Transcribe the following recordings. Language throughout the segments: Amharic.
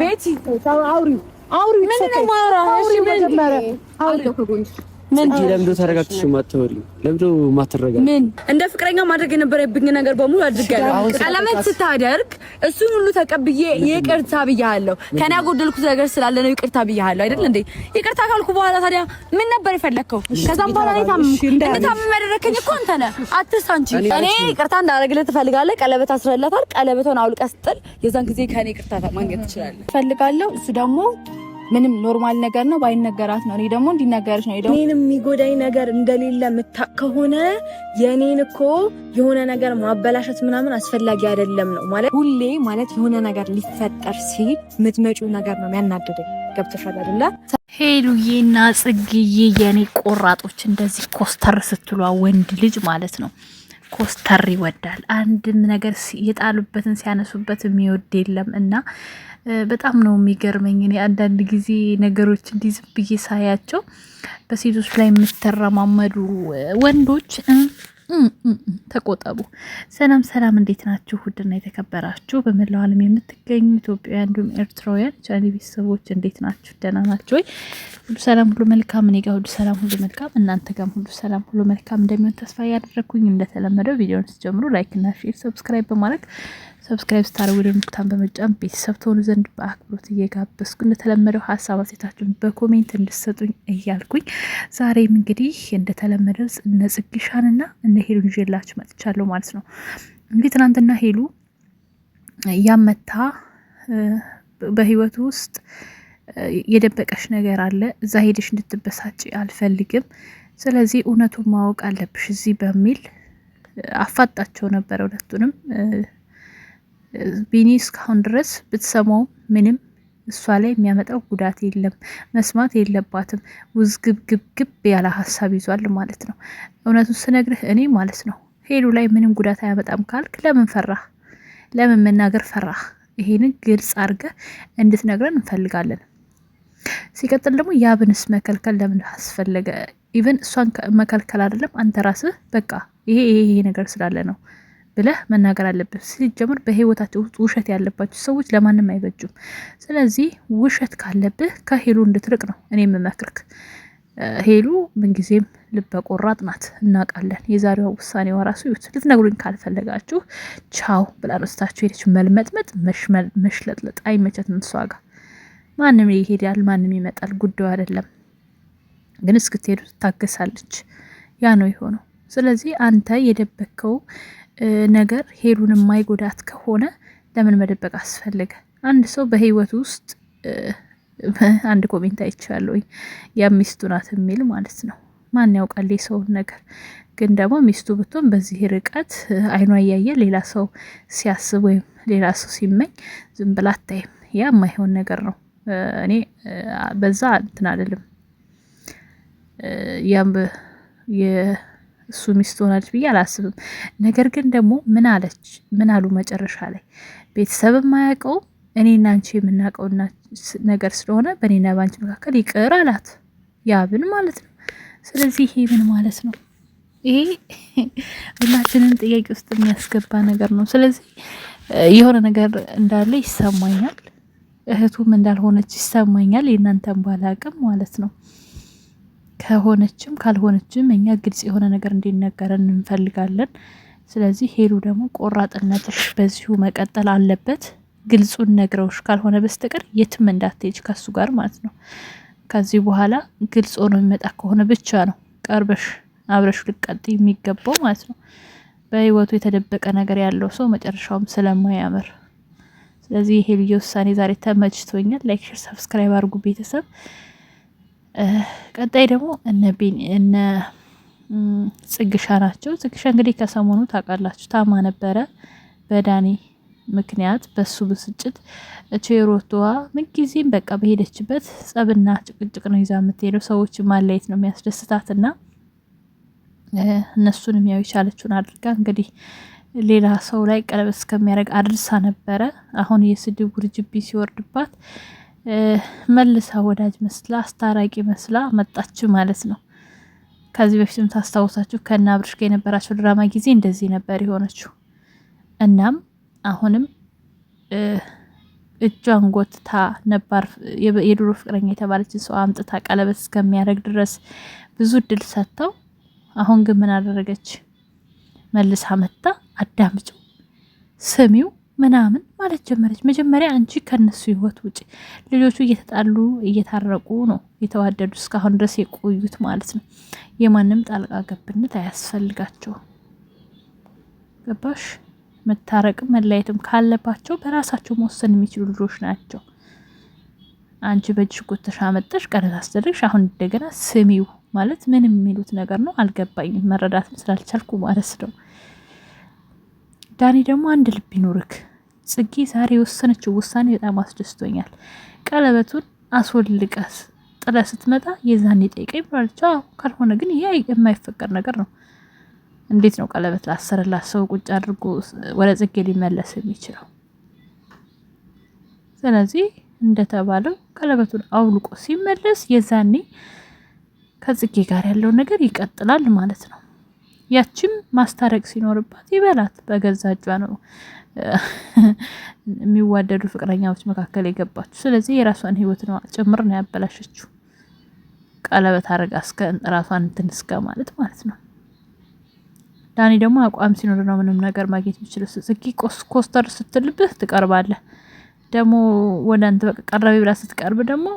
ቤቲ አውሪ ። አውሪው ምን ነው ማውራ? እሺ መጀመሪያ አውሪው ከጎንሽ ምን ለምዶ ተረጋግተሽ ማተወሪ ለምዶ ማትረጋ ምን እንደ ፍቅረኛ ማድረግ የነበረብኝ ነገር በሙሉ አድርጋለሁ። ቀለበት ስታደርግ እሱን ሁሉ ተቀብዬ ይቅርታ ብያለሁ። ከኔ ያጎደልኩት ነገር ስላለ ነው ይቅርታ ብያለሁ አይደል እንዴ? ይቅርታ ካልኩ በኋላ ታዲያ ምን ነበር የፈለግከው? ከዛም በኋላ ላይ ታም እንድታምም ያደረከኝ እኮ አንተ ነህ። አትርሳ እኔ ይቅርታ እንዳደረግልህ ትፈልጋለህ። ቀለበት አስረላታል። ቀለበቷን አውልቀስጥል የዛን ጊዜ ከኔ ይቅርታ ማግኘት ትችላለህ። እፈልጋለሁ እሱ ደግሞ ምንም ኖርማል ነገር ነው ባይነገራት ነው። እኔ ደግሞ እንዲነገርሽ ነው። ደግሞ እኔንም የሚጎዳኝ ነገር እንደሌለ የምታውቅ ከሆነ የእኔን እኮ የሆነ ነገር ማበላሸት ምናምን አስፈላጊ አይደለም ነው ማለት። ሁሌ ማለት የሆነ ነገር ሊፈጠር ሲል የምትመጪው ነገር ነው የሚያናድደኝ። ገብተሻል አይደለ? ሄሉዬና ጽግዬ የእኔ ቆራጦች እንደዚህ ኮስተር ስትሏ ወንድ ልጅ ማለት ነው ኮስተር ይወዳል። አንድም ነገር የጣሉበትን ሲያነሱበት የሚወድ የለም እና በጣም ነው የሚገርመኝ። እኔ አንዳንድ ጊዜ ነገሮች እንዲህ ዝም ብዬ ሳያቸው በሴቶች ላይ የምትረማመዱ ወንዶች ተቆጠቡ። ሰላም ሰላም፣ እንዴት ናችሁ? ውድና የተከበራችሁ በመላው ዓለም የምትገኙ ኢትዮጵያውያን እንዲሁም ኤርትራውያን ቻሊ ቤተሰቦች እንዴት ናችሁ? ደህና ናችሁ ወይ? ሁሉ ሰላም ሁሉ መልካም፣ እኔ ጋር ሁሉ ሰላም ሁሉ መልካም፣ እናንተ ጋርም ሁሉ ሰላም ሁሉ መልካም እንደሚሆን ተስፋ እያደረግኩኝ እንደተለመደው ቪዲዮን ስጀምሩ ላይክ እና ሼር፣ ሰብስክራይብ በማድረግ ሰብስክራይብ ስታደርጉ ደግሞ ብታን በመጫን ቤተሰብ ተሆኑ ዘንድ በአክብሮት እየጋበዝኩ እንደተለመደው ሀሳብ አሴታችሁን በኮሜንት እንድሰጡኝ እያልኩኝ ዛሬም እንግዲህ እንደተለመደው እነ ና እነ ሄሉ ይዤላችሁ መጥቻለሁ ማለት ነው። እንግዲህ ትናንትና ሄሉ ያመታ በህይወቱ ውስጥ የደበቀሽ ነገር አለ፣ እዛ ሄደሽ እንድትበሳጭ አልፈልግም፣ ስለዚህ እውነቱን ማወቅ አለብሽ እዚህ በሚል አፋጣቸው ነበረ ሁለቱንም ቢኒ እስካሁን ድረስ ብትሰማው ምንም እሷ ላይ የሚያመጣው ጉዳት የለም። መስማት የለባትም። ውዝግብግብግብ ያለ ሀሳብ ይዟል ማለት ነው። እውነቱን ስነግርህ እኔ ማለት ነው ሄሉ ላይ ምንም ጉዳት አያመጣም ካልክ ለምን ፈራህ? ለምን መናገር ፈራህ? ይሄንን ግልጽ አድርገህ እንድትነግረን እንፈልጋለን። ሲቀጥል ደግሞ ያብንስ መከልከል ለምን አስፈለገ? ኢቨን እሷን መከልከል አይደለም አንተ ራስህ በቃ ይሄ ይሄ ነገር ስላለ ነው ብለህ መናገር አለብህ። ሲጀምር በህይወታቸው ውስጥ ውሸት ያለባቸው ሰዎች ለማንም አይበጁም። ስለዚህ ውሸት ካለብህ ከሄሉ እንድትርቅ ነው እኔ የምመክርክ። ሄሉ ምንጊዜም ልበ ቆራጥ ናት፣ እናውቃለን። የዛሬዋ ውሳኔዋ ራሱ ይሁት ልትነግሩኝ ካልፈለጋችሁ ቻው ብላ ነስታችሁ ሄደች። መልመጥመጥ መሽለጥለጥ አይመቸት ንሷ ጋር ማንም ይሄዳል፣ ማንም ይመጣል፣ ጉዳዩ አይደለም። ግን እስክትሄዱ ትታገሳለች። ያ ነው የሆነው። ስለዚህ አንተ የደበከው ነገር ሄሉን የማይጎዳት ከሆነ ለምን መደበቅ አስፈልገ አንድ ሰው በህይወት ውስጥ አንድ ኮሜንት አይቻለሁኝ ያ ሚስቱ ናት የሚል ማለት ነው። ማን ያውቃል የሰውን ነገር። ግን ደግሞ ሚስቱ ብትሆን በዚህ ርቀት አይኗ እያየ ሌላ ሰው ሲያስብ ወይም ሌላ ሰው ሲመኝ ዝም ብላ አታይም። ያ የማይሆን ነገር ነው። እኔ በዛ እንትን አይደለም ያም እሱ ሚስት ሆናለች ብዬ አላስብም። ነገር ግን ደግሞ ምን አለች ምን አሉ መጨረሻ ላይ ቤተሰብ የማያውቀው እኔና አንቺ የምናውቀው ነገር ስለሆነ በእኔና ባንቺ መካከል ይቅር አላት፣ ያብን ማለት ነው። ስለዚህ ይሄ ምን ማለት ነው? ይሄ ሁላችንን ጥያቄ ውስጥ የሚያስገባ ነገር ነው። ስለዚህ የሆነ ነገር እንዳለ ይሰማኛል። እህቱም እንዳልሆነች ይሰማኛል። የእናንተን ባላቅም ማለት ነው። ከሆነችም ካልሆነችም እኛ ግልጽ የሆነ ነገር እንዲነገረን እንፈልጋለን። ስለዚህ ሄሉ ደግሞ ቆራጥነትሽ በዚሁ መቀጠል አለበት። ግልጹን ነግረውሽ ካልሆነ በስተቀር የትም እንዳትሄጅ ከሱ ጋር ማለት ነው። ከዚህ በኋላ ግልጽ ሆኖ የሚመጣ ከሆነ ብቻ ነው ቀርበሽ አብረሽ ልቀጥ የሚገባው ማለት ነው። በህይወቱ የተደበቀ ነገር ያለው ሰው መጨረሻውም ስለማያምር ስለዚህ ይሄ ልዩ ውሳኔ ዛሬ ተመችቶኛል። ላይክ፣ ሼር፣ ሰብስክራይብ አድርጉ ቤተሰብ ቀጣይ ደግሞ እነ ጽግሻ ናቸው። ጽግሻ እንግዲህ ከሰሞኑ ታውቃላችሁ ታማ ነበረ በዳኒ ምክንያት በሱ ብስጭት ቼሮቶዋ ምንጊዜም በቃ በሄደችበት ጸብና ጭቅጭቅ ነው ይዛ የምትሄደው። ሰዎች ማለየት ነው የሚያስደስታት እና እነሱን ያው የቻለችውን አድርጋ እንግዲህ ሌላ ሰው ላይ ቀለበት እስከሚያደርግ አድርሳ ነበረ። አሁን የስድብ ውርጅብኝ ሲወርድባት መልሳ ወዳጅ መስላ አስታራቂ መስላ መጣችሁ ማለት ነው። ከዚህ በፊትም ታስታውሳችሁ ከና አብርሽ ጋር የነበራቸው ድራማ ጊዜ እንደዚህ ነበር የሆነችው። እናም አሁንም እጇን ጎትታ ነባር የድሮ ፍቅረኛ የተባለችን ሰው አምጥታ ቀለበት እስከሚያደርግ ድረስ ብዙ እድል ሰጥተው፣ አሁን ግን ምን አደረገች? መልሳ መታ አዳምጪው ስሚው ምናምን ማለት ጀመረች። መጀመሪያ አንቺ ከነሱ ህይወት ውጭ ልጆቹ እየተጣሉ እየታረቁ ነው የተዋደዱ እስካሁን ድረስ የቆዩት ማለት ነው። የማንም ጣልቃ ገብነት አያስፈልጋቸው። ገባሽ? መታረቅም መለያየትም ካለባቸው በራሳቸው መወሰን የሚችሉ ልጆች ናቸው። አንቺ በእጅሽ ጎተሽ አመጠሽ ቀረት አስደረግሽ፣ አሁን እንደገና ስሚው ማለት ምን የሚሉት ነገር ነው? አልገባኝም። መረዳትም ስላልቻልኩ ማለት ነው። ዳኒ ደግሞ አንድ ልብ ይኑርክ። ጽጌ ዛሬ የወሰነችው ውሳኔ በጣም አስደስቶኛል። ቀለበቱን አስወልቀስ ጥለ ስትመጣ የዛኔ ጠይቀኝ ብላለች። ካልሆነ ግን ይሄ የማይፈቀድ ነገር ነው። እንዴት ነው ቀለበት ላሰረላት ሰው ቁጭ አድርጎ ወደ ጽጌ ሊመለስ የሚችለው? ስለዚህ እንደተባለው ቀለበቱን አውልቆ ሲመለስ የዛኔ ከጽጌ ጋር ያለው ነገር ይቀጥላል ማለት ነው። ያችም ማስታረቅ ሲኖርባት ይበላት፣ በገዛ እጇ ነው የሚዋደዱ ፍቅረኛዎች መካከል የገባችሁ። ስለዚህ የራሷን ህይወት ነው ጭምር ነው ያበላሸችው። ቀለበት አረጋ እስከ ራሷን እንትን እስከ ማለት ማለት ነው። ዳኒ ደግሞ አቋም ሲኖር ነው ምንም ነገር ማግኘት የሚችለው። ስጽጊ ኮስተር ስትልብህ ትቀርባለህ። ደግሞ ወደ አንተ በቃ ቀረቢ ብላ ስትቀርብ ደግሞ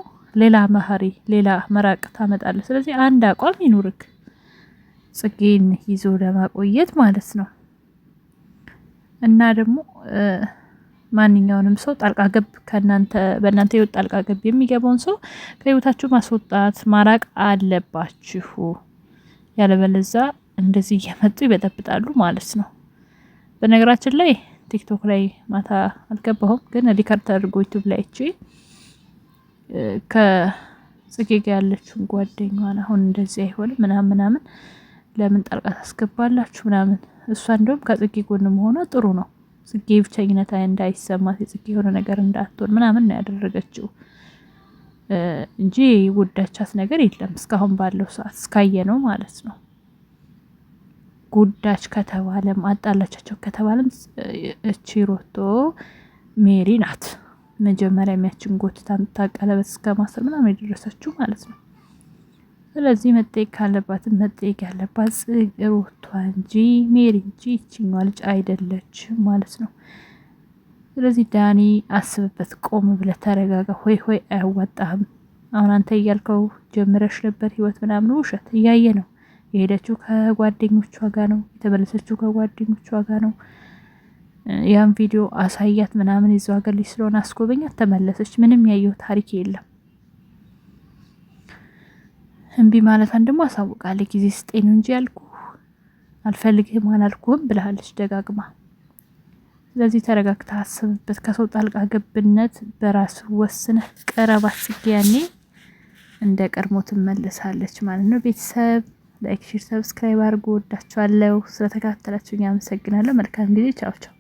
ሌላ መሀሪ ሌላ መራቅ ታመጣለህ። ስለዚህ አንድ አቋም ይኑርክ ጽጌን ይዞ ለማቆየት ማለት ነው። እና ደግሞ ማንኛውንም ሰው ጣልቃ ገብ ከእናንተ በእናንተ ህይወት ጣልቃ ገብ የሚገባውን ሰው ከህይወታችሁ ማስወጣት ማራቅ አለባችሁ። ያለበለዛ እንደዚህ እየመጡ ይበጠብጣሉ ማለት ነው። በነገራችን ላይ ቲክቶክ ላይ ማታ አልገባሁም፣ ግን ሪከርድ አድርጎ ዩቱብ ላይ እቺ ከጽጌ ጋ ያለችውን ጓደኛዋን አሁን እንደዚህ አይሆንም ምናምን ምናምን ለምን ጣልቃ ታስገባላችሁ ምናምን እሷ እንደውም ከጽጌ ጎን መሆኗ ጥሩ ነው። ጽጌ ብቸኝነት እንዳይሰማት የጽጌ የሆነ ነገር እንዳትሆን ምናምን ነው ያደረገችው እንጂ ጉዳቻት ነገር የለም እስካሁን ባለው ሰዓት እስካየ ነው ማለት ነው። ጉዳች ከተባለም አጣላቻቸው ከተባለም እቺ ሮቶ ሜሪ ናት መጀመሪያ የሚያችን ጎትታ ቀለበት እስከ ማሰር ምናምን የደረሰችው ማለት ነው። ስለዚህ መጠየቅ ካለባትም መጠየቅ ያለባት ሩቷ እንጂ ሜሪ እንጂ ይችኛዋ ልጅ አይደለች ማለት ነው። ስለዚህ ዳኒ አስብበት፣ ቆም ብለ ተረጋጋ። ሆይ ሆይ አያዋጣህም። አሁን አንተ እያልከው ጀምረሽ ነበር ህይወት ምናምን ውሸት እያየ ነው የሄደችው ከጓደኞቿ ጋር ነው የተመለሰችው ከጓደኞቿ ጋር ነው። ያን ቪዲዮ አሳያት ምናምን ይዘው ሀገር ልጅ ስለሆነ አስጎበኛት፣ ተመለሰች። ምንም ያየው ታሪክ የለም። እምቢ ማለቷን ደግሞ አሳውቃለች። ጊዜ ስጤን እንጂ ያልኩ አልፈልግህም አላልኩም ብልሃለች ደጋግማ። ስለዚህ ተረጋግተህ አስብበት። ከሰው ጣልቃ ገብነት በራስ ወስነህ ቅረብ። አስቤ ያኔ እንደ ቀድሞ ትመለሳለች ማለት ነው። ቤተሰብ ላይክ፣ ሼር፣ ሰብስክራይብ አድርጎ ወዳችኋለሁ። ስለተከታተላችሁ አመሰግናለሁ። መልካም ጊዜ። ቻው ቻው።